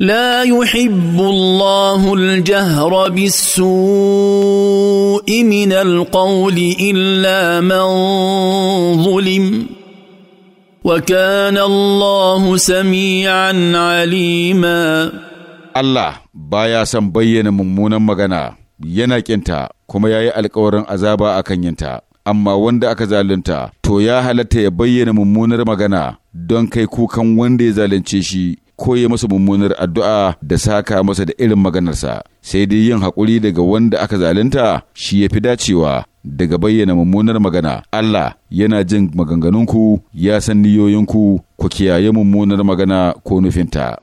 لا يحب الله الجهر بالسوء من القول الا من ظلم وكان الله سميعا عليما الله بايا san bayyana mummunan magana yana كنتا kuma yayi alkawarin azaba akan yinta amma wanda aka zalunta to ya halatta ya bayyana mummunar magana don kai kukan wanda ya zalunce shi ko ya masa mummunar addu'a da saka masa da irin maganarsa sai dai yin haƙuri daga wanda aka zalunta shi ya fi dacewa daga bayyana mummunar magana Allah yana jin maganganunku ya san niyoyinku ku kiyaye mummunar magana ko nufinta